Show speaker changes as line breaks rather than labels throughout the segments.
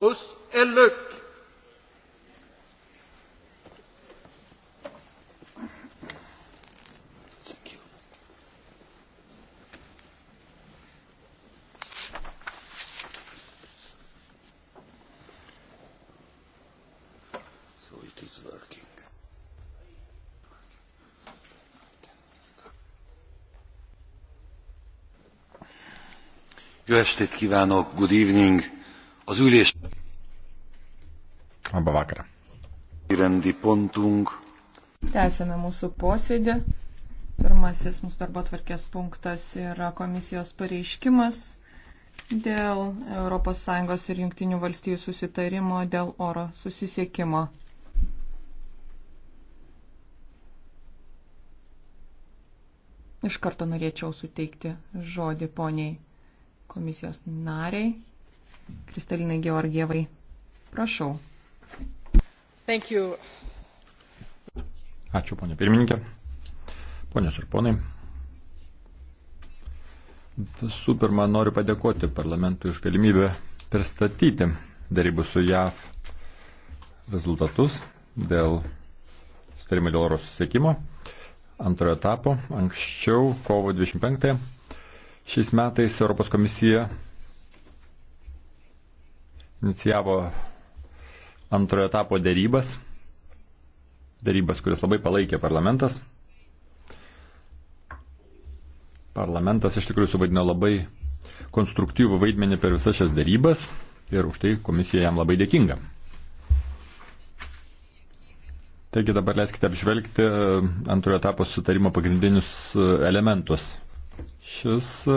Us elök. So it is working.
Jó estét kívánok, good evening. Az ülés Tęsėme
mūsų posėdį. Pirmasis mūsų darbo tvarkės punktas yra komisijos pareiškimas dėl ES ir Junktinių valstybių susitarimo dėl oro susisiekimo. Iš karto norėčiau suteikti žodį poniai komisijos nariai Kristalinai Georgievai. Prašau. Ačiū,
ponė pirmininkė. Ponės ir ponai. Visų pirma, noriu padėkoti parlamentui už galimybę pristatyti darybų su JAV rezultatus dėl sutarimo dėl oro susiekimo antrojo etapo. Anksčiau, kovo 25 šiais metais Europos komisija inicijavo antrojo etapo dėrybas, dėrybas, kuris labai palaikė parlamentas. Parlamentas iš tikrųjų suvaidino labai konstruktyvų vaidmenį per visas šias dėrybas ir už tai komisija jam labai dėkinga. Taigi dabar leiskite apžvelgti e, antrojo etapo sutarimo pagrindinius e, elementus. Šis e,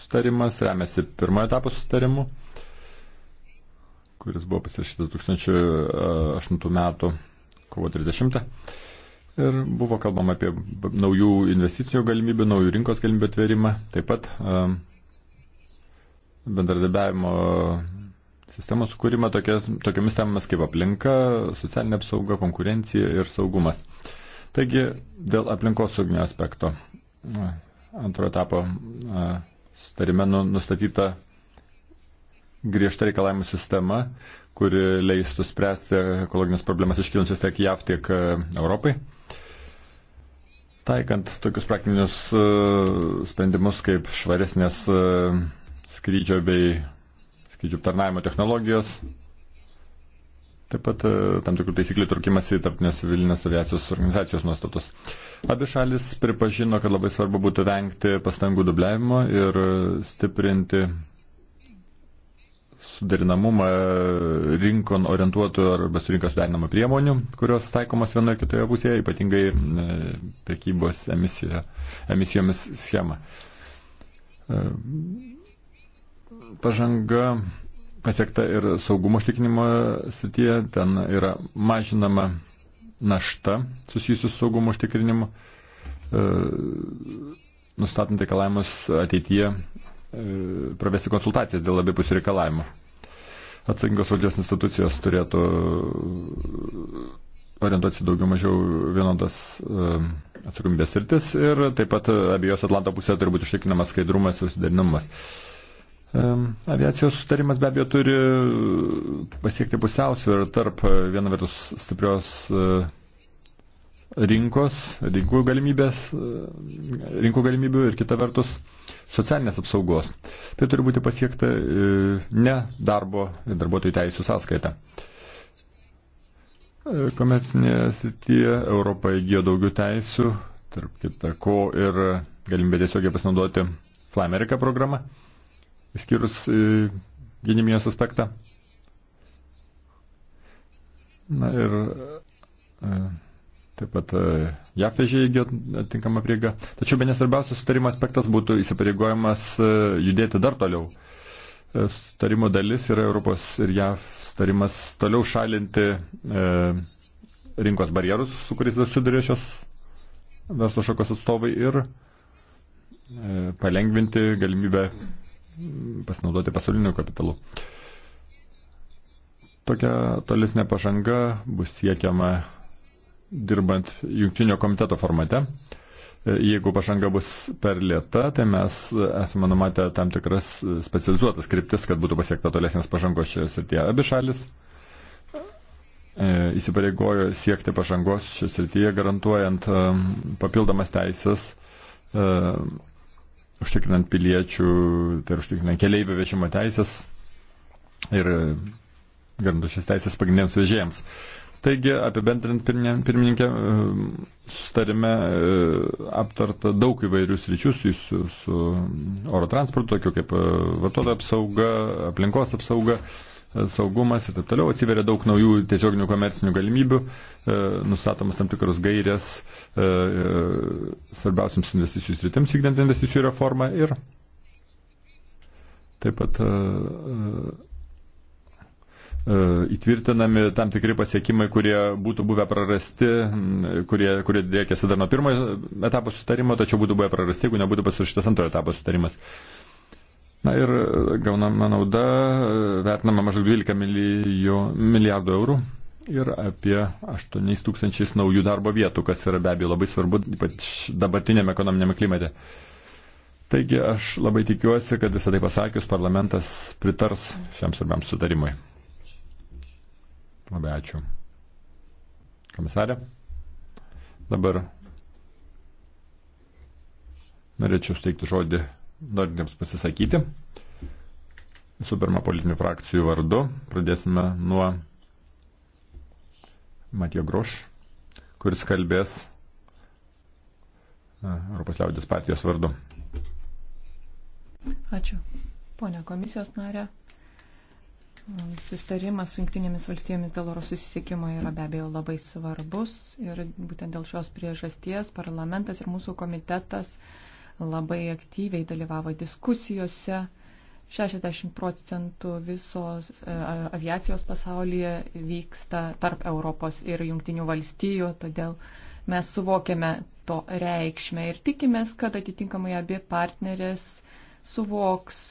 sutarimas remiasi pirmojo etapo sutarimu kuris buvo pasirašytas 2008 e, metų kovo 30. Ir buvo kalbama apie naujų investicijų galimybę, naujų rinkos galimybę atverimą, taip pat e, bendradarbiavimo sistemos sukūrimą tokias, tokiamis temomis kaip aplinka, socialinė apsauga, konkurencija ir saugumas. Taigi, dėl aplinkosauginio aspekto e, antrojo etapo sutarime nu, nustatyta griežta reikalavimų sistema, kuri leistų spręsti ekologinės problemas iškilusias tiek JAV, tiek e, Europai. Taikant tokius praktinius e, sprendimus kaip švaresnės e, skrydžio bei skrydžių aptarnavimo technologijos, taip pat tam tikrų taisyklių trukimas į tarptinės civilinės aviacijos organizacijos nuostatus. Abi šalis pripažino, kad labai svarbu būtų vengti pastangų dubliavimo ir stiprinti suderinamumą rinkon orientuotų arba su rinkos derinamą priemonių, kurios taikomas vienoje kitoje pusėje, ypatingai e, prekybos emisijo, emisijomis schema. E, pažanga pasiekta ir saugumo užtikrinimo srityje, ten yra mažinama našta susijusi su saugumo užtikrinimu, e, nustatant reikalavimus ateityje E, pravesti konsultacijas dėl abipusių reikalavimų. Atsakingos valdžios institucijos turėtų orientuotis daugiau mažiau vienodas e, atsakomybės sritis ir taip pat abiejose Atlanto pusėje turi būti išteikinamas skaidrumas ir suderinamas. E, aviacijos sutarimas be abejo turi pasiekti pusiausvyrą tarp viena vertus stiprios rinkos, rinkų, galimybės, rinkų galimybių ir kita vertus socialinės apsaugos. Tai turi būti pasiekta e, ne darbo ir darbuotojų teisų sąskaita. E, Komercinėje srityje Europa įgyjo daugiau teisų, tarp kita ko ir galimybė tiesiogiai pasinaudoti Flamerika programą, išskyrus e, gynimijos aspektą. Na ir e, Taip pat e, JAF vežėjai įgijo atinkamą priegą. Tačiau be nesvarbiausias sutarimo aspektas būtų įsipareigojimas e, judėti dar toliau. E, sutarimo dalis yra Europos ir JAF sutarimas toliau šalinti e, rinkos barjerus, su kuriais susidurė šios verslo šakos atstovai ir e, palengvinti galimybę pasinaudoti pasauliniu kapitalu. Tokia tolesnė pažanga bus siekiama dirbant jungtinio komiteto formate. E, jeigu pažanga bus per lėta, tai mes esame numatę tam tikras specializuotas kryptis, kad būtų pasiekta tolesnės pažangos šioje srityje. Abi šalis e, įsipareigojo siekti pažangos šioje srityje, garantuojant e, papildomas teisės, užtikrinant piliečių, tai užtikrinant keleivių vežimo teisės ir garantuojant šias teisės pagrindiniams vežėjams. Taigi, apibendrint pirmininkę, e, sustarime e, aptarta daug įvairių sričių susijusių su mm, oro transportu, tokiu kaip e, vartotojų apsauga, aplinkos apsauga saugumas ir taip toliau, atsiveria daug naujų tiesioginių komercinių galimybių, nustatomas tam tikros gairės svarbiausiams investicijų sritims vykdant investicijų reformą ir taip pat E, įtvirtinami tam tikri pasiekimai, kurie būtų buvę prarasti, kurie, kurie dėkėsi dar nuo pirmojo etapo sutarimo, tačiau būtų buvę prarasti, jeigu nebūtų pasirašytas antrojo etapo sutarimas. Na ir gaunama nauda, e, vertinama maždaug 12 milijų, milijardų eurų ir apie 8 tūkstančiais naujų darbo vietų, kas yra be abejo labai svarbu, ypač dabartinėme ekonominėme klimate. Taigi aš labai tikiuosi, kad visą tai pasakius parlamentas pritars šiam svarbiam sutarimui. Labai ačiū. Komisarė. Dabar norėčiau steigti žodį norintiems pasisakyti. Visų pirma, politinių frakcijų vardu. Pradėsime nuo Matijo Groš, kuris kalbės e, Europos liaudės partijos vardu.
Ačiū. Pone komisijos narė, Sustarimas su jungtinėmis valstybėmis dėl oro susisiekimo yra be abejo labai svarbus ir būtent dėl šios priežasties parlamentas ir mūsų komitetas labai aktyviai dalyvavo diskusijose. 60 procentų visos e, aviacijos pasaulyje vyksta tarp Europos ir jungtinių valstijų, todėl mes suvokiame to reikšmę ir tikimės, kad atitinkamai abi partnerės suvoks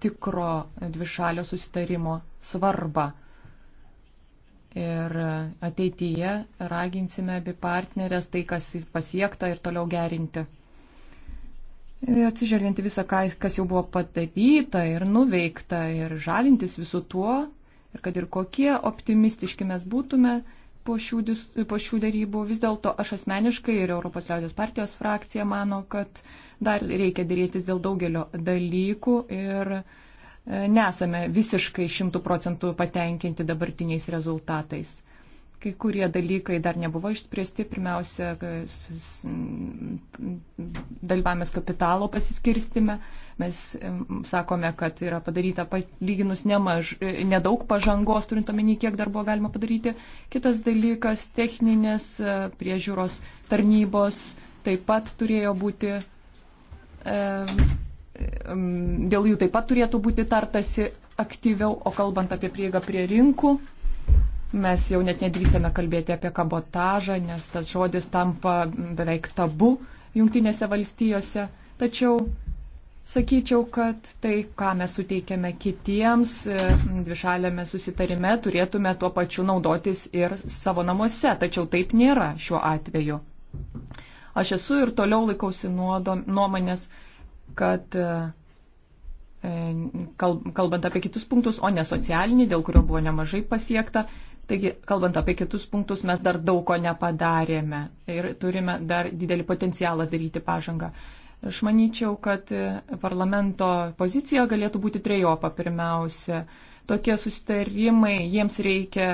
tikro dvišalio susitarimo svarbą. Ir ateityje raginsime abi partnerės tai, kas pasiekta ir toliau gerinti. Ir atsižvelgianti visą, kas jau buvo padaryta ir nuveikta ir žavintis visų tuo, ir kad ir kokie optimistiški mes būtume, po šių, dis, po šių darybų. Vis dėlto aš asmeniškai ir Europos liaudės partijos frakcija mano, kad dar reikia dėrėtis dėl daugelio dalykų ir e, nesame visiškai šimtų procentų patenkinti dabartiniais rezultatais kai kurie dalykai dar nebuvo išspręsti. Pirmiausia, dalyvavimas kapitalo pasiskirstime. Mes sakome, kad yra padaryta lyginus nemaž, e, nedaug pažangos, turint omeny, kiek dar buvo galima padaryti. Kitas dalykas - techninės e, priežiūros tarnybos taip pat turėjo būti. Dėl jų taip pat turėtų būti tartasi aktyviau, o kalbant apie prieigą prie rinkų, Mes jau net nedrįstame kalbėti apie kabotažą, nes tas žodis tampa beveik tabu jungtinėse valstijose. Tačiau sakyčiau, kad tai, ką mes suteikėme kitiems e, dvišalėme susitarime, turėtume tuo pačiu naudotis ir savo namuose. Tačiau taip nėra šiuo atveju. Aš esu ir toliau laikausi nuomonės, kad e, e, kalbant apie kitus punktus, o ne socialinį, dėl kurio buvo nemažai pasiekta, Taigi, kalbant apie kitus punktus, mes dar daug ko nepadarėme ir turime dar didelį potencialą daryti pažangą. Aš manyčiau, kad parlamento pozicija galėtų būti trejopa pirmiausia. Tokie susitarimai, jiems reikia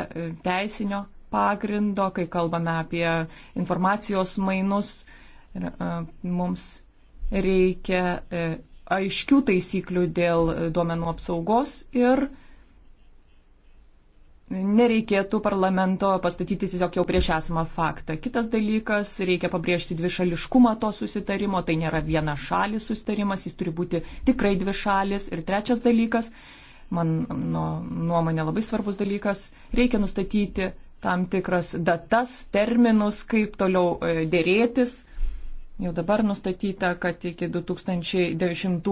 teisinio pagrindo, kai kalbame apie informacijos mainus. Ir, e, mums reikia e, aiškių taisyklių dėl duomenų apsaugos ir nereikėtų parlamento pastatyti tiesiog jau prieš esamą faktą. Kitas dalykas, reikia pabrėžti dvišališkumą to susitarimo, tai nėra viena šalis susitarimas, jis turi būti tikrai dvišalis. Ir trečias dalykas, man nu, nuomonė labai svarbus dalykas, reikia nustatyti tam tikras datas, terminus, kaip toliau e, dėrėtis. Jau dabar nustatyta, kad iki 2010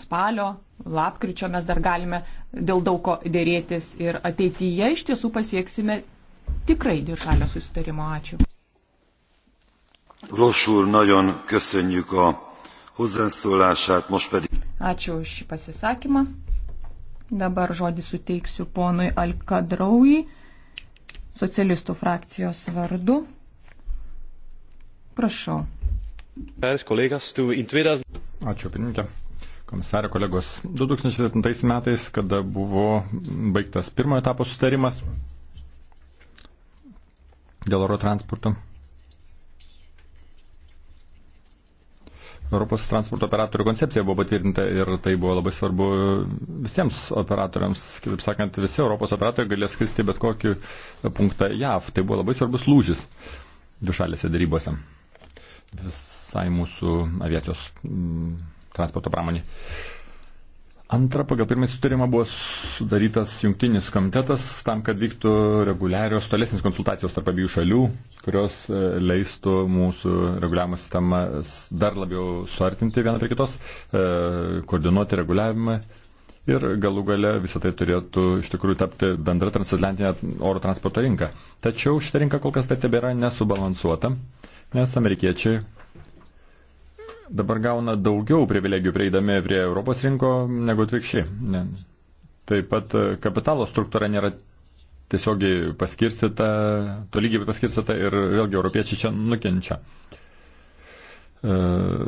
spalio lapkričio mes dar galime dėl daug ko dėrėtis ir ateityje iš tiesų pasieksime tikrai dvišalio susitarimo. Ačiū.
Rosúr, nagyon köszönjük a hozzászólását,
most pedig. Ačiū už šį pasisakymą. Dabar žodį suteiksiu ponui Alkadraui, socialistų frakcijos vardu. Prašau.
Ačiū, pirmininkė komisarė kolegos, 2007 metais, kada buvo baigtas pirmojo etapo sustarimas dėl oro transporto. Europos transporto operatorių koncepcija buvo patvirtinta ir tai buvo labai svarbu visiems operatoriams. Kitaip sakant, visi Europos operatoriai galės skristi bet kokį punktą JAV. Tai buvo labai svarbus lūžis dvišalėse darybose. Visai mūsų aviacijos transporto pramonė. Antra, pagal pirmąjį sutarimą buvo sudarytas jungtinis komitetas tam, kad vyktų reguliarios tolesnės konsultacijos tarp abiejų šalių, kurios e, leistų mūsų reguliavimo sistemą dar labiau suartinti vieną prie kitos, e, koordinuoti reguliavimą ir galų gale visą tai turėtų iš tikrųjų tapti bendra transatlantinė oro transporto rinka. Tačiau šitą rinką kol kas tai tebėra nesubalansuota, nes amerikiečiai dabar gauna daugiau privilegijų prieidami prie Europos rinko negu atvirkščiai. Taip pat e, kapitalo struktūra nėra tiesiogiai paskirstita, tolygiai paskirstita ir vėlgi europiečiai čia nukenčia. E,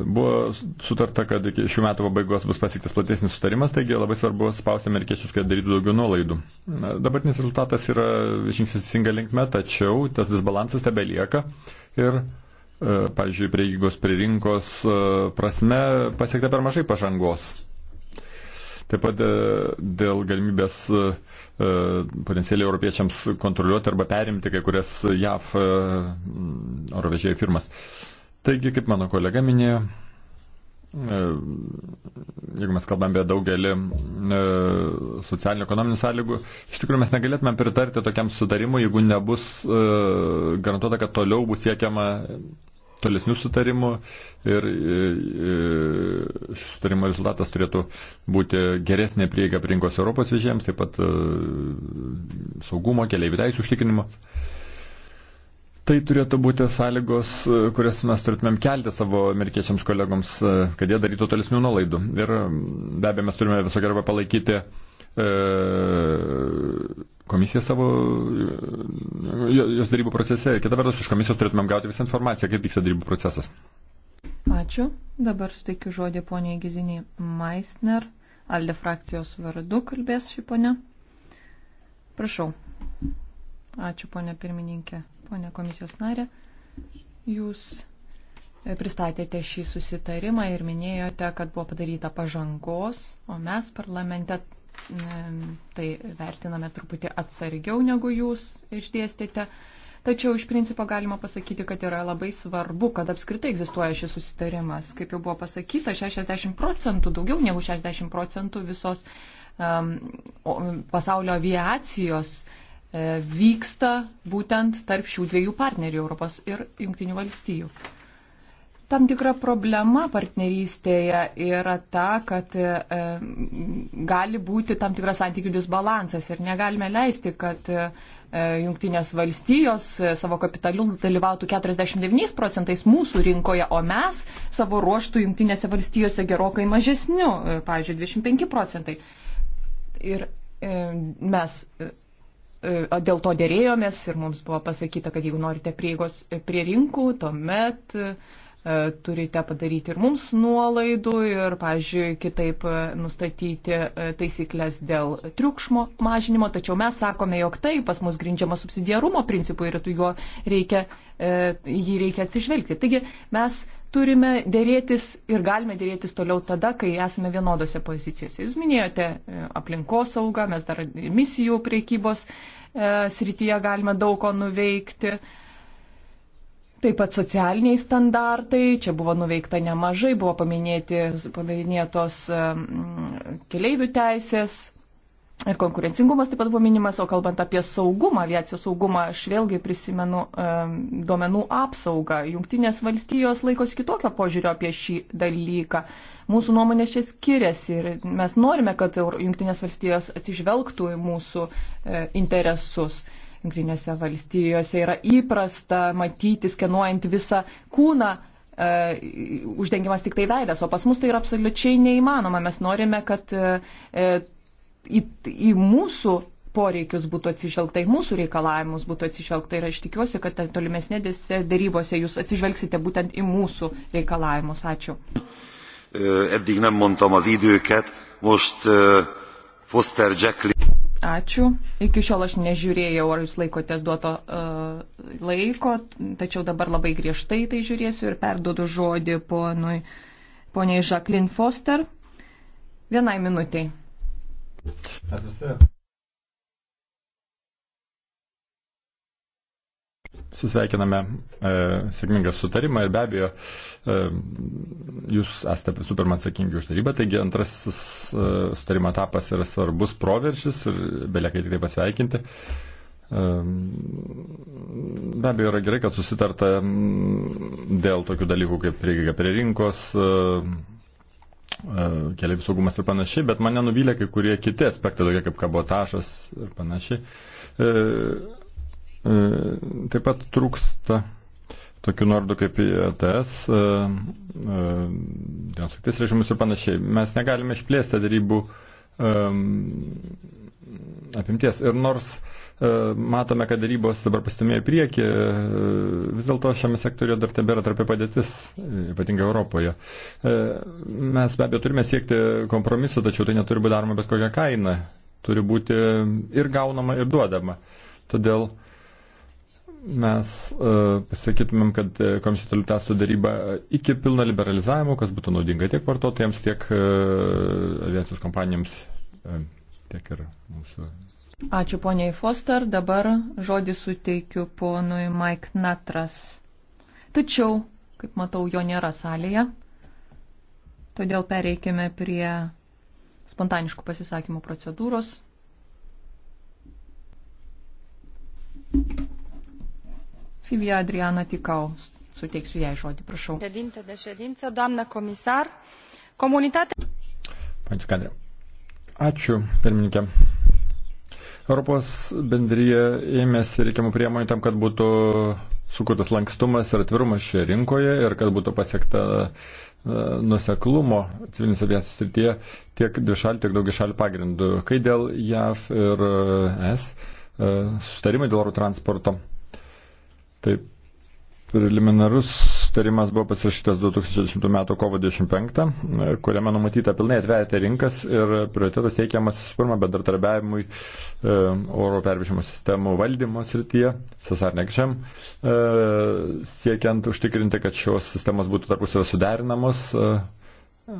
buvo sutarta, kad iki šių metų pabaigos bus pasiektas platesnis sutarimas, taigi labai svarbu spausti amerikiečius, kad darytų daugiau nuolaidų. Dabartinis rezultatas yra žingsnis teisinga linkme, tačiau tas disbalansas tebelieka ir E, pavyzdžiui, prieigos prie rinkos e, prasme pasiekta per mažai pažangos. Taip pat e, dėl galimybės potencialiai europiečiams kontroliuoti arba perimti kai kurias JAV oro vežėjų firmas. Taigi, kaip mano kolega minėjo, E, jeigu mes kalbame apie daugelį e, socialinių ekonominių sąlygų, iš tikrųjų mes negalėtume pritarti tokiam sutarimui, jeigu nebus e, garantuota, kad toliau bus siekiama tolesnių sutarimų ir sutarimo rezultatas turėtų būti geresnė prieiga prie rinkos Europos vežėjams, taip pat saugumo, keliaivių teisų užtikrinimo. Tai turėtų būti sąlygos, e, kurias mes turėtumėm kelti savo amerikiečiams kolegoms, e, kad jie darytų tolesnių nuolaidų. Ir be abejo, mes turime visokio arba palaikyti e, komisiją savo, e, jos darybų procese. Kita vertus, iš komisijos turėtumėm gauti visą informaciją, kaip vyksta darybų procesas.
Ačiū. Dabar suteikiu žodį poniai Giziniai Meisner. Alde frakcijos vardu kalbės ši ponia. Prašau. Ačiū, ponia pirmininkė ponė komisijos narė. Jūs e, pristatėte šį susitarimą ir minėjote, kad buvo padaryta pažangos, o mes parlamente tai vertiname truputį atsargiau negu jūs išdėstėte. Tačiau iš principo galima pasakyti, kad yra labai svarbu, kad apskritai egzistuoja šis susitarimas. Kaip jau buvo pasakyta, 60 procentų, daugiau negu 60 procentų visos um, pasaulio aviacijos E, vyksta būtent tarp šių dviejų partnerių Europos ir Junktinių valstijų. Tam tikra problema partnerystėje yra ta, kad e, gali būti tam tikras santykių disbalansas ir negalime leisti, kad e, Junktinės valstijos e, savo kapitalių dalyvautų 49 procentais mūsų rinkoje, o mes savo ruoštų Junktinėse valstijose gerokai mažesniu, e, pavyzdžiui, 25 procentai. Ir e, mes E, dėl to dėrėjomės ir mums buvo pasakyta, kad jeigu norite prieigos e, prie rinkų, tuomet e, turite padaryti ir mums nuolaidų ir, pavyzdžiui, kitaip nustatyti taisyklės dėl triukšmo mažinimo, tačiau mes sakome, jog tai pas mus grindžiama subsidiarumo principu ir tu juo reikia, jį reikia atsižvelgti. Taigi mes turime dėrėtis ir galime dėrėtis toliau tada, kai esame vienodose pozicijose. Jūs minėjote e, aplinkos saugą, mes dar misijų priekybos e, srityje galime daug ko nuveikti. Taip pat socialiniai standartai, čia buvo nuveikta nemažai, buvo paminėti, paminėtos e, keleivių teisės, Ir konkurencingumas taip pat buvo minimas, o kalbant apie saugumą, aviacijos saugumą, aš vėlgi prisimenu e, duomenų apsaugą. Junktinės valstijos laikosi kitokio požiūrio apie šį dalyką. Mūsų nuomonės čia skiriasi ir mes norime, kad Junktinės valstijos atsižvelgtų į mūsų e, interesus. Junktinėse valstijose yra įprasta matyti, skenuojant visą kūną e, uždengiamas tik tai veidas, o pas mus tai yra absoliučiai neįmanoma. Mes norime, kad e, e, į, į mūsų poreikius būtų atsižvelgta, į mūsų reikalavimus būtų atsižvelgta ir aš tikiuosi, kad tolimesnėse dėrybose jūs atsižvelgsite būtent į mūsų reikalavimus. Ačiū.
Eddig nem mondtam az időket, most Foster Jacklin.
Ačiū. Iki šiol aš nežiūrėjau, ar jūs laikotės duoto uh, laiko, tačiau dabar labai griežtai tai žiūrėsiu ir perduodu žodį ponui, poniai Jacqueline Foster. Vienai minutiai.
Susveikiname e, sėkmingą sutarimą ir be abejo, e, jūs esate visų pirma atsakingi už tarybą, taigi antrasis e, sutarimo etapas yra svarbus proveržis ir beliekai tikrai pasveikinti. E, be abejo, yra gerai, kad susitarta dėl tokių dalykų kaip prieiga prie rinkos. E, E, keliaivių saugumas ir panašiai, bet mane nuvylė kai kurie kiti aspektai, tokie kaip kabotašas ir panašiai. E, e, taip pat trūksta tokių nuorodų kaip ETS, e, e, dienos aktis režimus ir panašiai. Mes negalime išplėsti darybų e, apimties. Ir nors e, matome, kad darybos dabar pastumėjo į priekį, e, vis dėlto šiame sektoriuje dar tebėra tarpia padėtis, ypatingai Europoje. E, mes be abejo turime siekti kompromisu, tačiau tai neturi būti daroma bet kokią kainą. Turi būti ir gaunama, ir duodama. Todėl uh, mes e, pasakytumėm, kad e, komisija toliau tęstų darybą iki pilno liberalizavimo, kas būtų naudinga tiek vartotojams, tiek e, aviacijos kompanijoms, tiek ir mūsų.
Ačiū poniai Foster, dabar žodį suteikiu ponui Mike Natras. Tačiau, kaip matau, jo nėra salėje, todėl pereikime prie spontaniškų pasisakymų procedūros. Thank you. Fivia Adriana Ticau. Suteiksiu jai žodį, prašau. Ședinte de ședință, doamnă comisar, comunitatea...
Pane Kadrė. Ačiū, pirmininkė. Europos bendryje ėmėsi reikiamų priemonių tam, kad būtų sukurtas lankstumas ir atvirumas šioje rinkoje ir kad būtų pasiekta e, nuseklumo civilinės aviacijos srityje tiek dvišalių, tiek daugišalių pagrindų. Kai dėl JAV ir ES e, sustarimai dėl oro transporto Taip, preliminarus sutarimas buvo pasirašytas 2010 m. kovo 25, kuriame numatyta pilnai atverti rinkas ir prioritetas teikiamas pirmą bendratarbiavimui e, oro pervežimo sistemų valdymo srityje, sasarnekšiam, e, siekiant užtikrinti, kad šios sistemos būtų tarpusavę suderinamos. E,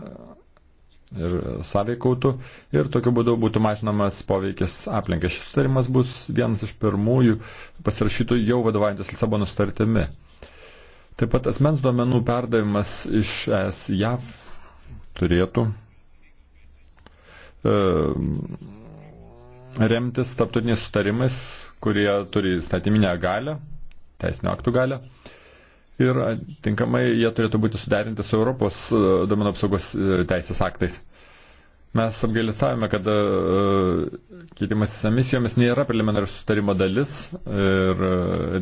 ir sąveikautų ir tokiu būdu būtų mažinamas poveikis aplinkai. Šis sutarimas bus vienas iš pirmųjų pasirašytų jau vadovaujantis Lisabono sutartimi. Taip pat asmens duomenų perdavimas iš ES JAV turėtų e, remtis taptutiniais sutarimais, kurie turi statyminę galę, teisinio aktų galę ir tinkamai jie turėtų būti suderinti su Europos e, domenų apsaugos e, teisės aktais. Mes apgailestavome, kad e, keitimasis emisijomis nėra preliminarių sutarimo dalis ir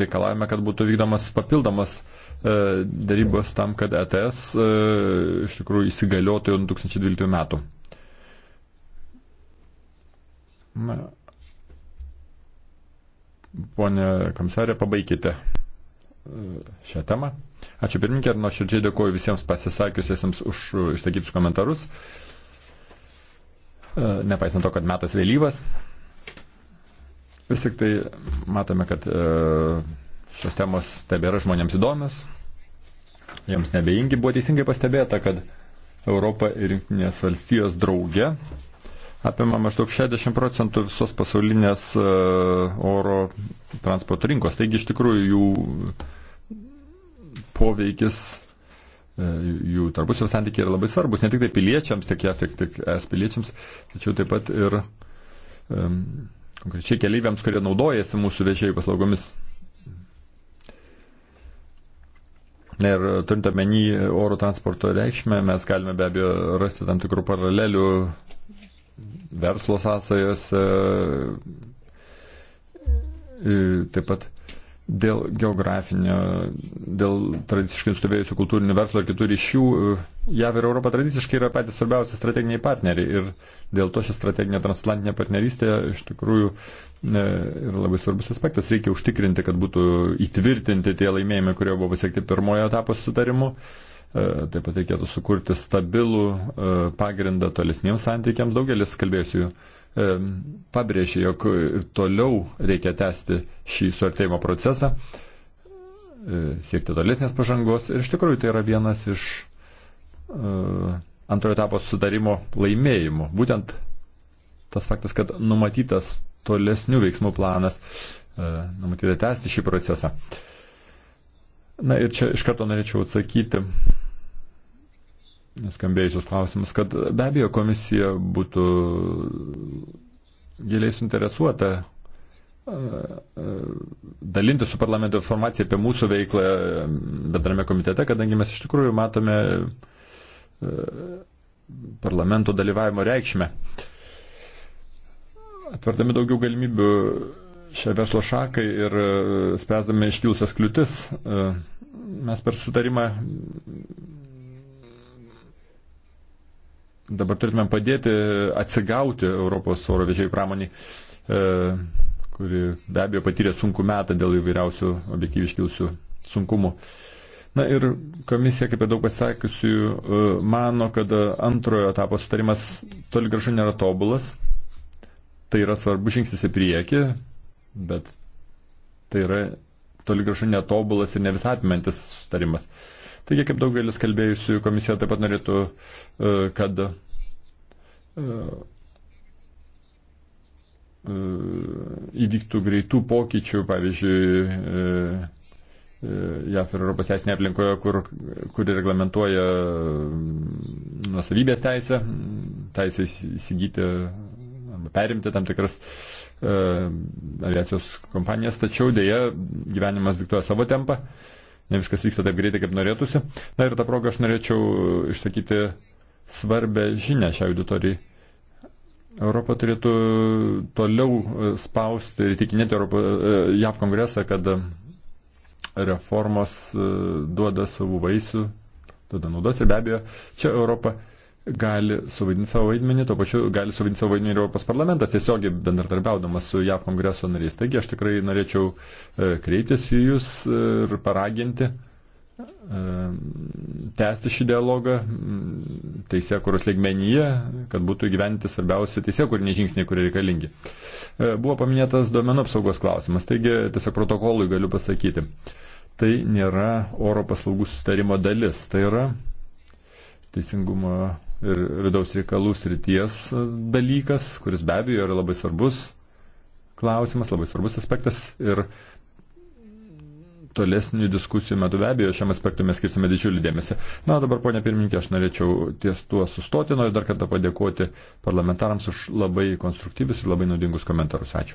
reikalavome, kad būtų vykdomas papildomas darybos tam, kad ETS iš tikrųjų įsigaliotų jau 2012 metų. Na, ponė komisarė, pabaikite šią temą. Ačiū pirmininkė ir nuoširdžiai dėkuoju visiems pasisakiusiesiems už e, išsakytus komentarus. E, nepaisant to, kad metas vėlyvas, vis tik tai matome, kad e, šios temos tebėra žmonėms įdomios, jiems nebeingi. Buvo teisingai pastebėta, kad Europa ir Junktinės valstijos drauge apima maždaug 60 procentų visos pasaulinės e, oro transporto rinkos. Taigi iš tikrųjų jų poveikis, e, jų tarpusio santykiai yra labai svarbus, ne tik tai piliečiams, tiek jav, tiek, tiek es piliečiams, tačiau taip pat ir um, konkrečiai keleiviams, kurie naudojasi mūsų vežėjų paslaugomis. Ir e, turint omeny oro transporto reikšmę, mes galime be abejo rasti tam tikrų paralelių verslo sąsajose, e, taip pat dėl geografinio, dėl tradiciškai nustovėjusių kultūrinių verslo ir kitų ryšių, e, JAV ir Europa tradiciškai yra patys svarbiausi strateginiai partneriai ir dėl to ši strateginė transatlantinė partnerystė iš tikrųjų e, yra labai svarbus aspektas. Reikia užtikrinti, kad būtų įtvirtinti tie laimėjimai, kurie buvo pasiekti pirmojo etapo sutarimu. Uh, E, taip pat reikėtų sukurti stabilų e, pagrindą tolesniems santykiams. Daugelis kalbėjusių e, pabrėžė, jog ir toliau reikia tęsti šį suartėjimo procesą, siekti tolesnės pažangos. Ir iš tikrųjų tai yra vienas iš antrojo etapo sudarimo laimėjimų. Būtent tas faktas, kad numatytas tolesnių veiksmų planas, numatyta tęsti šį procesą. Na ir čia iš karto norėčiau atsakyti neskambėjusios klausimus, kad be abejo komisija būtų giliai suinteresuota dalinti su parlamento informaciją apie mūsų veiklą bendrame komitete, kadangi mes iš tikrųjų matome parlamento dalyvavimo reikšmę. Atverdami daugiau galimybių šią verslo šakai ir spręsdami iškilusias kliūtis, mes per sutarimą Dabar turėtume padėti atsigauti Europos oro vežėjų pramonį, e, kuri be abejo patyrė sunku metą dėl įvairiausių objektyviai iškilusių sunkumų. Na ir komisija, kaip ir daug pasakiusių, e, mano, kad antrojo etapo sutarimas toli gražu nėra tobulas. Tai yra svarbu žingsnis į priekį, bet tai yra toli gražu netobulas ir ne visatmentis sutarimas. Taigi, kaip daugelis kalbėjusių, komisija taip pat norėtų, e, kad e, e, įvyktų greitų pokyčių, pavyzdžiui, JAF ir Europos teisinėje aplinkoje, kur, kuri reglamentuoja mm, nusavybės teisę, teisę įsigyti arba perimti tam tikras e, aviacijos kompanijas, tačiau dėja gyvenimas diktuoja savo tempą. E, ne viskas vyksta taip greitai, kaip norėtųsi. Na ir tą progą aš norėčiau išsakyti svarbę žinę šią auditoriją. Europa turėtų toliau spausti ir tikinėti Europo, e, JAV kongresą, kad reformos e, duoda savų vaisių, duoda naudos ir be abejo, čia Europa gali suvaidinti savo vaidmenį, to pačiu gali suvaidinti savo vaidmenį ir Europos parlamentas, tiesiogiai bendradarbiaudamas su JAV kongreso nariais. Taigi aš tikrai norėčiau e, kreiptis į Jūs e, ir paraginti e, tęsti šį dialogą teisė, kurios lygmenyje, kad būtų gyventi svarbiausi teisė, kur nežingsniai, kurie reikalingi. Buvo paminėtas duomenų apsaugos klausimas, taigi tiesiog protokolui galiu pasakyti. Tai nėra oro paslaugų sustarimo dalis, tai yra teisingumo ir vidaus reikalų srities dalykas, kuris be abejo yra labai svarbus klausimas, labai svarbus aspektas ir tolesnių diskusijų metu be abejo šiam aspektui mes skirsime didžiulį dėmesį. Na, dabar, ponia pirmininkė, aš norėčiau ties tuo sustoti, noriu dar kartą padėkoti parlamentarams už labai konstruktyvius ir labai naudingus komentarus. Ačiū.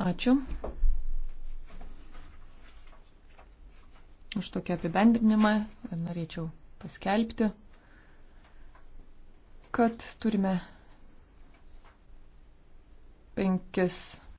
Ačiū. už tokį apibendrinimą. Norėčiau paskelbti, kad turime penkis